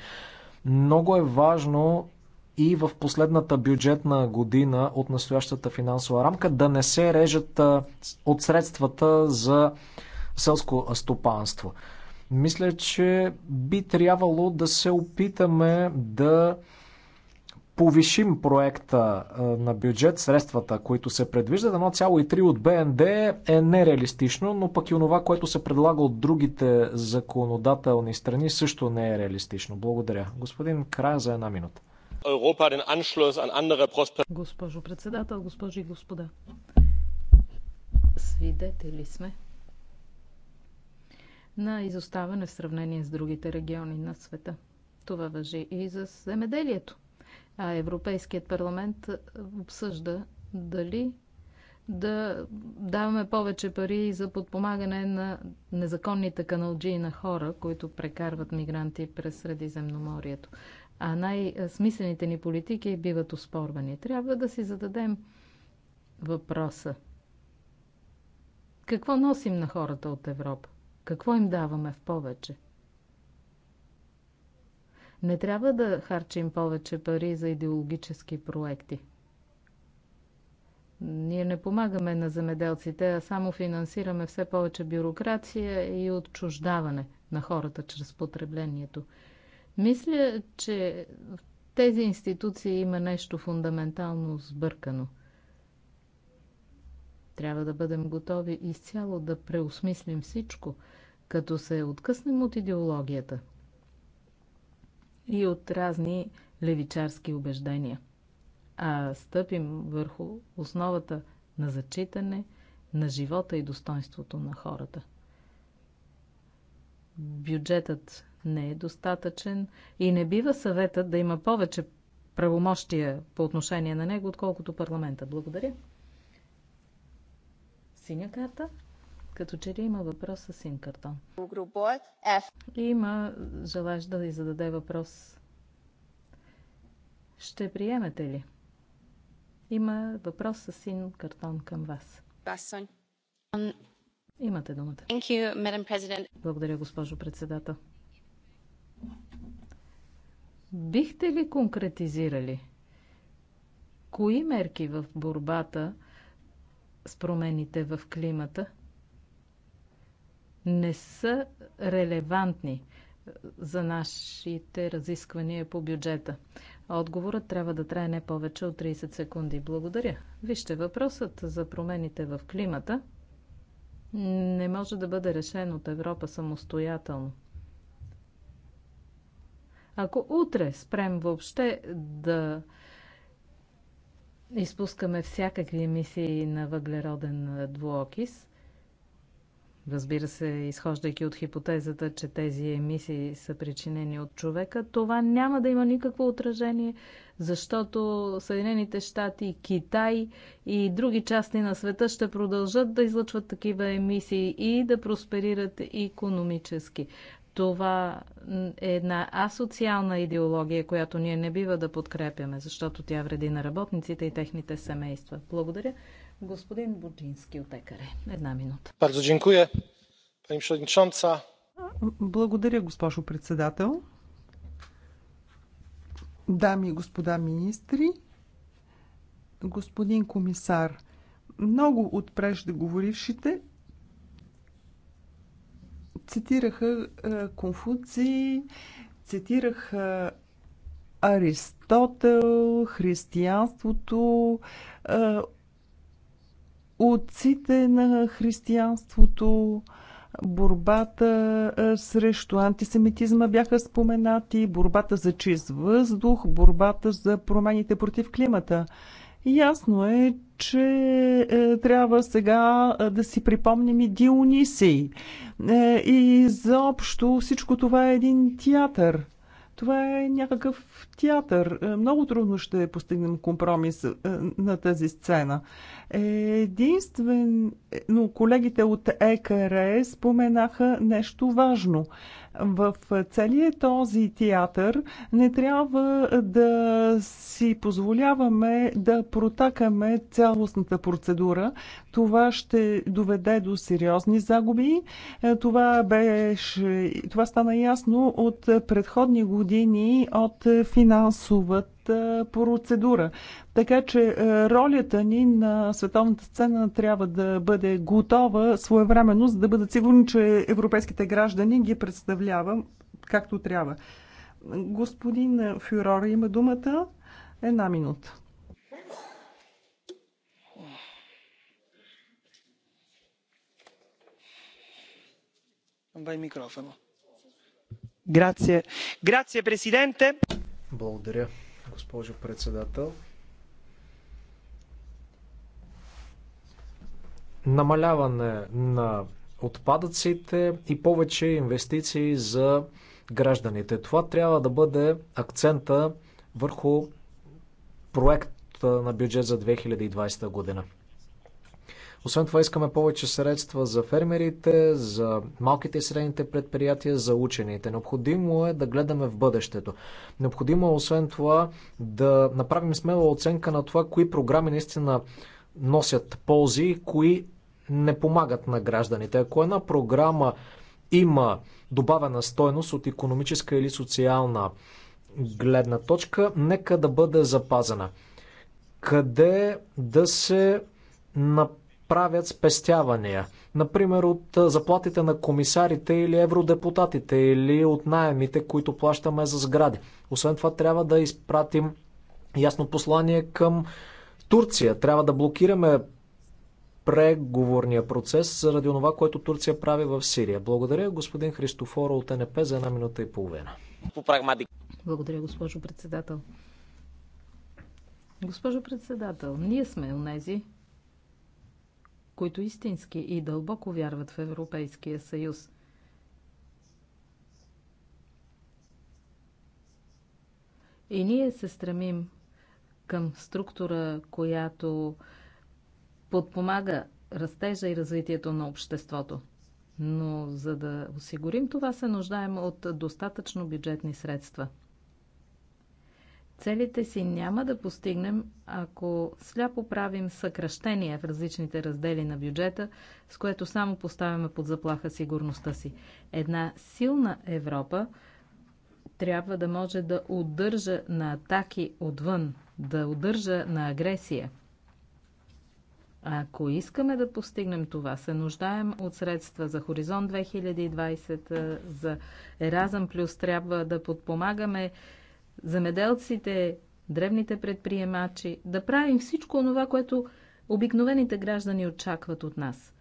Много е важно и в последната бюджетна година от настоящата финансова рамка да не се режат от средствата за селско стопанство. Мисля, че би трябвало да се опитаме да повишим проекта на бюджет, средствата, които се предвиждат. 1,3 от БНД е нереалистично, но пък и онова, което се предлага от другите законодателни страни, също не е реалистично. Благодаря. Господин Края за една минута. Europa den Anschluss an andere Prosper... Госпожо председател, госпожи и господа, свидетели сме на изоставане в сравнение с другите региони на света. Това въжи и за земеделието. А Европейският парламент обсъжда дали да даваме повече пари за подпомагане на незаконните каналджии на хора, които прекарват мигранти през Средиземноморието а най-смислените ни политики биват оспорвани. Трябва да си зададем въпроса. Какво носим на хората от Европа? Какво им даваме в повече? Не трябва да харчим повече пари за идеологически проекти. Ние не помагаме на земеделците, а само финансираме все повече бюрокрация и отчуждаване на хората чрез потреблението. Мисля, че в тези институции има нещо фундаментално сбъркано. Трябва да бъдем готови изцяло да преосмислим всичко, като се откъснем от идеологията и от разни левичарски убеждения, а стъпим върху основата на зачитане на живота и достоинството на хората. Бюджетът не е достатъчен и не бива съветът да има повече правомощия по отношение на него, отколкото парламента. Благодаря. Синя карта? Като че ли има въпрос с син картон. Има желаещ да ви зададе въпрос. Ще приемете ли? Има въпрос с син картон към вас. Имате думата. Благодаря, госпожо председател. Бихте ли конкретизирали кои мерки в борбата с промените в климата не са релевантни за нашите разисквания по бюджета? Отговорът трябва да трае не повече от 30 секунди. Благодаря. Вижте, въпросът за промените в климата не може да бъде решен от Европа самостоятелно. Ако утре спрем въобще да изпускаме всякакви емисии на въглероден двуокис, разбира се, изхождайки от хипотезата, че тези емисии са причинени от човека, това няма да има никакво отражение, защото Съединените щати, Китай и други части на света ще продължат да излъчват такива емисии и да просперират икономически. економически. Това е една асоциална идеология, която ние не бива да подкрепяме, защото тя вреди на работниците и техните семейства. Благодаря. Господин Буджински от Екаре. Една минута. Бързо дзинкуя, пани Благодаря, госпожо председател. Дами и господа министри, господин комисар, много от преждеговорившите цитираха Конфуци, цитираха Аристотел, християнството, отците на християнството, борбата срещу антисемитизма бяха споменати, борбата за чист въздух, борбата за промените против климата. Ясно е, че е, трябва сега е, да си припомним и Дионисий. Е, и заобщо всичко това е един театър. Това е някакъв театър. Е, много трудно ще постигнем компромис е, на тази сцена. Единствено колегите от ЕКР споменаха нещо важно – в целия този театър не трябва да си позволяваме да протакаме цялостната процедура. Това ще доведе до сериозни загуби. Това, беше, това стана ясно от предходни години от финансовата процедура. Така че ролята ни на световната сцена трябва да бъде готова своевременно, за да бъдат сигурни, че европейските граждани ги представлява както трябва. Господин Фюрор, има думата. Една минута. Грация, президенте. Благодаря госпожо председател. Намаляване на отпадъците и повече инвестиции за гражданите. Това трябва да бъде акцента върху проект на бюджет за 2020 година. Освен това искаме повече средства за фермерите, за малките и средните предприятия, за учените. Необходимо е да гледаме в бъдещето. Необходимо е освен това да направим смела оценка на това, кои програми наистина носят ползи и кои не помагат на гражданите. Ако една програма има добавена стойност от економическа или социална гледна точка, нека да бъде запазена. Къде да се направи правят спестявания. Например, от заплатите на комисарите или евродепутатите или от найемите, които плащаме за сгради. Освен това, трябва да изпратим ясно послание към Турция. Трябва да блокираме преговорния процес заради това, което Турция прави в Сирия. Благодаря господин Христофоро от НП за една минута и половина. Благодаря, госпожо председател. Госпожо председател, ние сме унези които истински и дълбоко вярват в Европейския съюз. И ние се стремим към структура, която подпомага растежа и развитието на обществото. Но за да осигурим това, се нуждаем от достатъчно бюджетни средства – Целите си няма да постигнем, ако сляпо правим съкръщения в различните раздели на бюджета, с което само поставяме под заплаха сигурността си. Една силна Европа трябва да може да удържа на атаки отвън, да удържа на агресия. Ако искаме да постигнем това, се нуждаем от средства за Хоризонт 2020, за Еразъм Плюс, трябва да подпомагаме Замеделците, древните предприемачи, да правим всичко това, което обикновените граждани очакват от нас.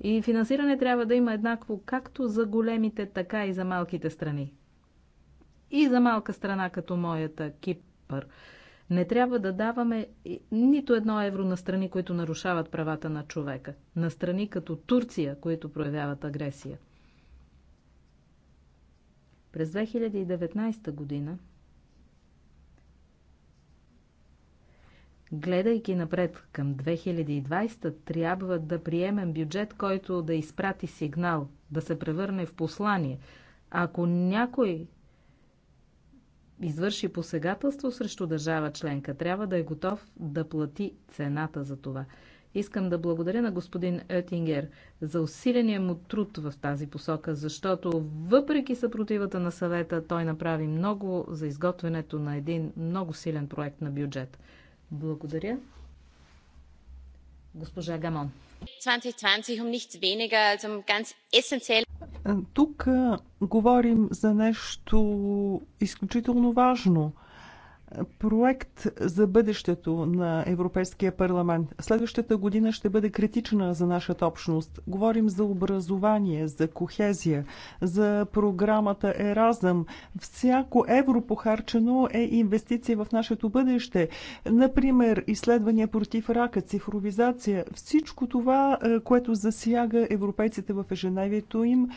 И финансиране трябва да има еднакво както за големите, така и за малките страни. И за малка страна като моята, Кипър. Не трябва да даваме нито едно евро на страни, които нарушават правата на човека. На страни като Турция, които проявяват агресия. През 2019 година, гледайки напред към 2020, трябва да приемем бюджет, който да изпрати сигнал, да се превърне в послание. Ако някой извърши посегателство срещу държава членка, трябва да е готов да плати цената за това. Искам да благодаря на господин Етингер за усиления му труд в тази посока, защото въпреки съпротивата на съвета, той направи много за изготвянето на един много силен проект на бюджет. Благодаря. Госпожа Гамон. 2020 um nichts weniger als um ganz essentiell тук говорим за нещо изключително важно – проект за бъдещето на Европейския парламент. Следващата година ще бъде критична за нашата общност. Говорим за образование, за кохезия, за програмата Еразъм. Всяко евро похарчено е инвестиция в нашето бъдеще. Например, изследвания против рака, цифровизация. Всичко това, е, което засяга европейците в ежедневието им,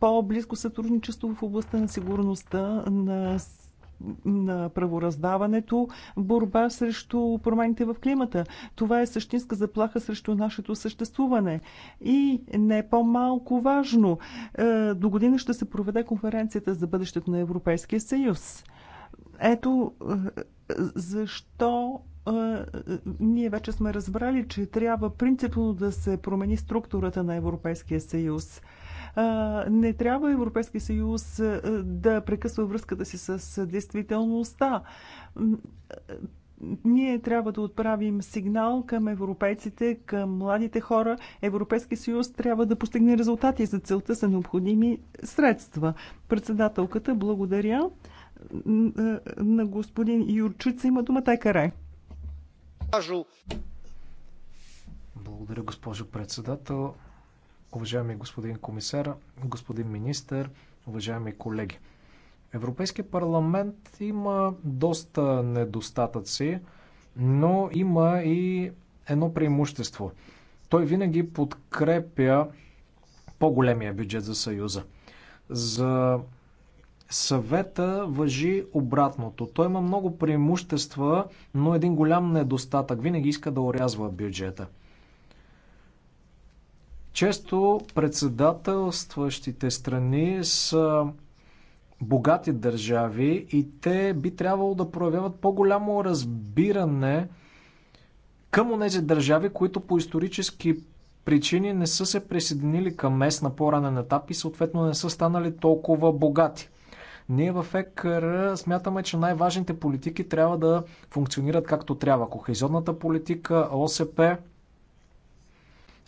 по-близко сътрудничество в областта на сигурността, на на правораздаването, борба срещу промените в климата. Това е същинска заплаха срещу нашето съществуване. И не по-малко важно, е, до година ще се проведе конференцията за бъдещето на Европейския съюз. Ето е, защо е, ние вече сме разбрали, че трябва принципно да се промени структурата на Европейския съюз – не трябва Европейския съюз да прекъсва връзката си с действителността ние трябва да отправим сигнал към европейците, към младите хора. Европейски съюз трябва да постигне резултати. За целта са необходими средства. Председателката, благодаря на господин Юрчица. Има дума карай. Благодаря, госпожо председател уважаеми господин комисар, господин министър, уважаеми колеги. Европейския парламент има доста недостатъци, но има и едно преимущество. Той винаги подкрепя по-големия бюджет за Съюза. За съвета въжи обратното. Той има много преимущества, но един голям недостатък. Винаги иска да орязва бюджета. Често председателстващите страни са богати държави и те би трябвало да проявяват по-голямо разбиране към тези държави, които по исторически причини не са се присъединили към МЕС на по-ранен етап и съответно не са станали толкова богати. Ние в ЕКР смятаме, че най-важните политики трябва да функционират както трябва. Кохезионната политика, ОСП,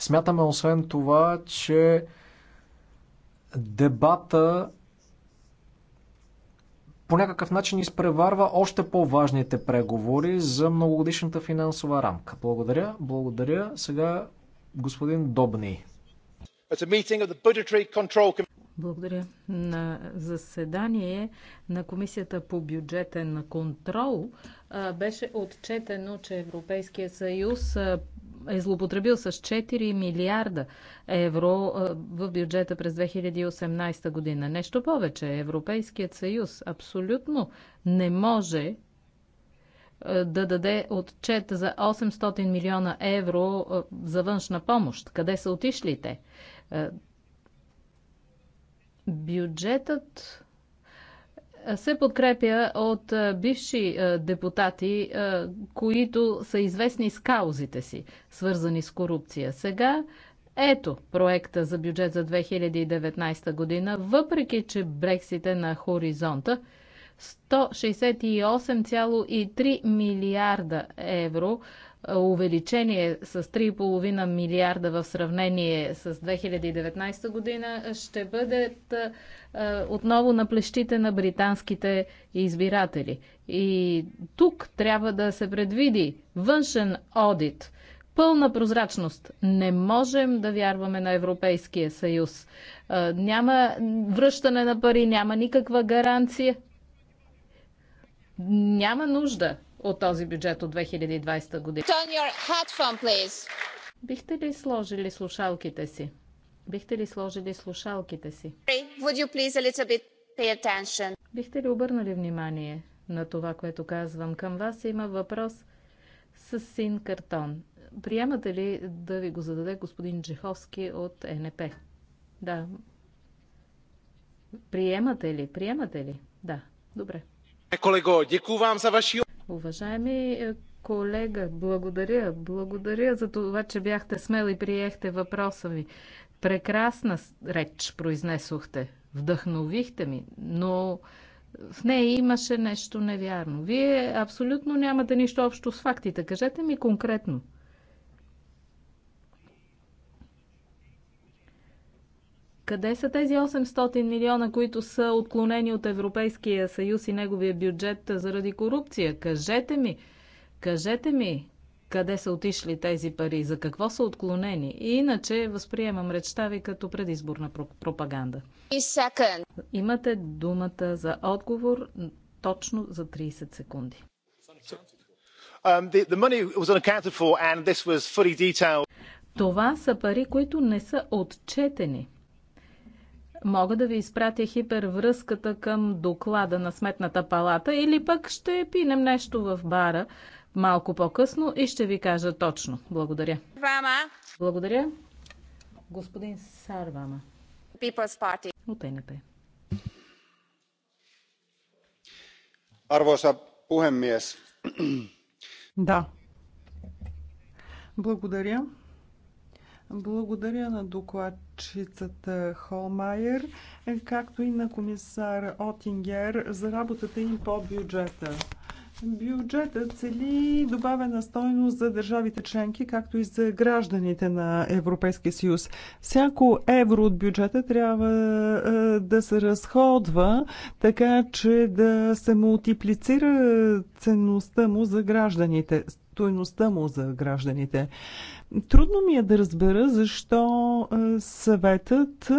Смятаме освен това, че дебата по някакъв начин изпреварва още по-важните преговори за многогодишната финансова рамка. Благодаря, благодаря. Сега господин Добни. Благодаря. На заседание на Комисията по бюджетен контрол беше отчетено, че Европейския съюз е злоупотребил с 4 милиарда евро е, в бюджета през 2018 година. Нещо повече, Европейският съюз абсолютно не може е, да даде отчет за 800 милиона евро е, за външна помощ. Къде са отишли те? Бюджетът се подкрепя от бивши депутати, които са известни с каузите си, свързани с корупция. Сега ето проекта за бюджет за 2019 година, въпреки че Брексит е на хоризонта. 168,3 милиарда евро увеличение с 3,5 милиарда в сравнение с 2019 година ще бъдат отново на плещите на британските избиратели. И тук трябва да се предвиди външен одит – пълна прозрачност. Не можем да вярваме на Европейския съюз. Няма връщане на пари, няма никаква гаранция. Няма нужда от този бюджет от 2020 година. Бихте ли сложили слушалките си? Бихте ли сложили слушалките си? Бихте ли обърнали внимание на това, което казвам? Към вас има въпрос с син картон. Приемате ли да ви го зададе господин Джеховски от НП? Да. Приемате ли? Приемате ли? Да. Добре. Колего, дякую вам за ваши. Уважаеми е, колега, благодаря. Благодаря за това, че бяхте смели и приехте въпроса ми. Прекрасна реч произнесохте. Вдъхновихте ми, но в нея имаше нещо невярно. Вие абсолютно нямате нищо общо с фактите. Кажете ми конкретно. Къде са тези 800 милиона, които са отклонени от Европейския съюз и неговия бюджет заради корупция? Кажете ми, кажете ми, къде са отишли тези пари, за какво са отклонени. И иначе възприемам речта ви като предизборна пропаганда. Имате думата за отговор точно за 30 секунди. Um, Това са пари, които не са отчетени. Мога да ви изпратя хипервръзката към доклада на Сметната палата или пък ще пинем нещо в бара малко по-късно и ще ви кажа точно. Благодаря. Вама. Благодаря. Господин Сарвама. People's Party. От НП. Arvoisa Да. Благодаря. Благодаря на докладчицата Холмайер, както и на комисар Отингер за работата им по бюджета. Бюджета цели добавена стойност за държавите членки, както и за гражданите на Европейския съюз. Всяко евро от бюджета трябва е, да се разходва така, че да се мултиплицира ценността му за гражданите стойността му за гражданите. Трудно ми е да разбера защо е, съветът,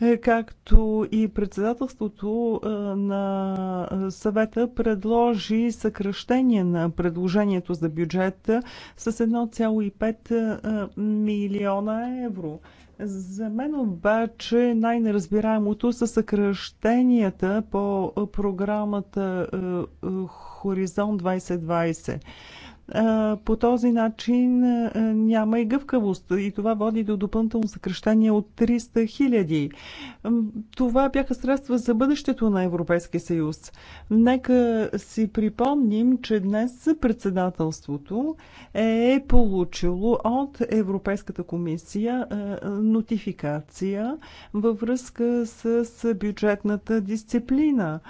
е, както и председателството е, на съвета, предложи съкръщение на предложението за бюджета с 1,5 милиона евро. За мен обаче най-неразбираемото са съкръщенията по програмата Хоризонт 2020. По този начин няма и гъвкавост и това води до допълнително съкръщение от 300 хиляди. Това бяха средства за бъдещето на Европейския съюз. Нека си припомним, че днес председателството е получило от Европейската комисия нотификация във връзка с бюджетната дисциплина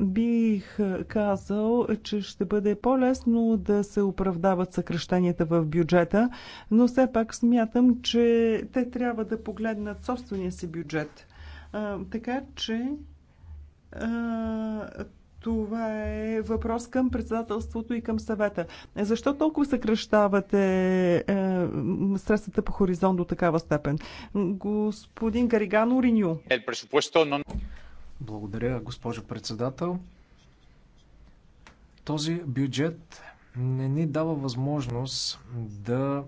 бих казал, че ще бъде по-лесно да се оправдават съкръщенията в бюджета, но все пак смятам, че те трябва да погледнат собствения си бюджет. Така че това е въпрос към председателството и към съвета. Защо толкова съкръщавате е, средствата по хоризонт до такава степен? Господин Гаригано Риню. Благодаря, госпожо председател. Този бюджет не ни дава възможност да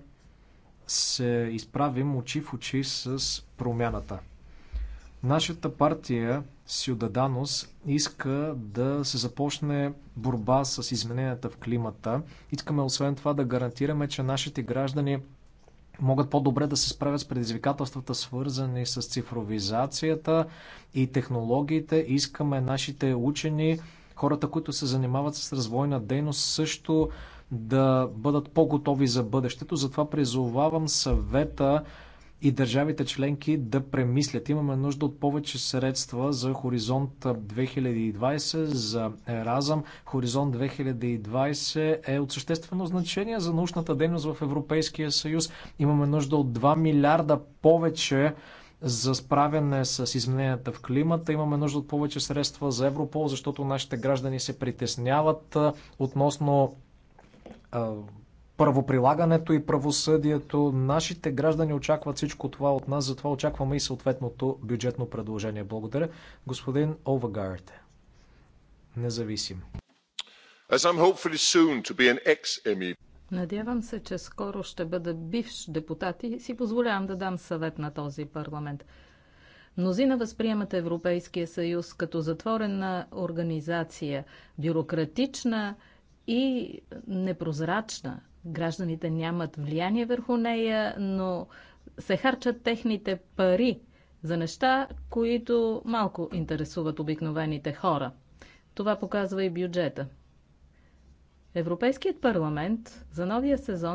се изправим очи в очи с промяната. Нашата партия Сюдаданос иска да се започне борба с измененията в климата. Искаме освен това да гарантираме, че нашите граждани могат по-добре да се справят с предизвикателствата, свързани с цифровизацията и технологиите. Искаме нашите учени, хората, които се занимават с развойна дейност, също да бъдат по-готови за бъдещето. Затова призовавам съвета и държавите членки да премислят. Имаме нужда от повече средства за Хоризонт 2020, за Еразъм. Хоризонт 2020 е от съществено значение за научната дейност в Европейския съюз. Имаме нужда от 2 милиарда повече за справяне с измененията в климата. Имаме нужда от повече средства за Европол, защото нашите граждани се притесняват относно правоприлагането и правосъдието. Нашите граждани очакват всичко това от нас, затова очакваме и съответното бюджетно предложение. Благодаря. Господин Овагарте, независим. E Надявам се, че скоро ще бъда бивш депутат и си позволявам да дам съвет на този парламент. Мнозина възприемат Европейския съюз като затворена организация, бюрократична и непрозрачна, Гражданите нямат влияние върху нея, но се харчат техните пари за неща, които малко интересуват обикновените хора. Това показва и бюджета. Европейският парламент за новия сезон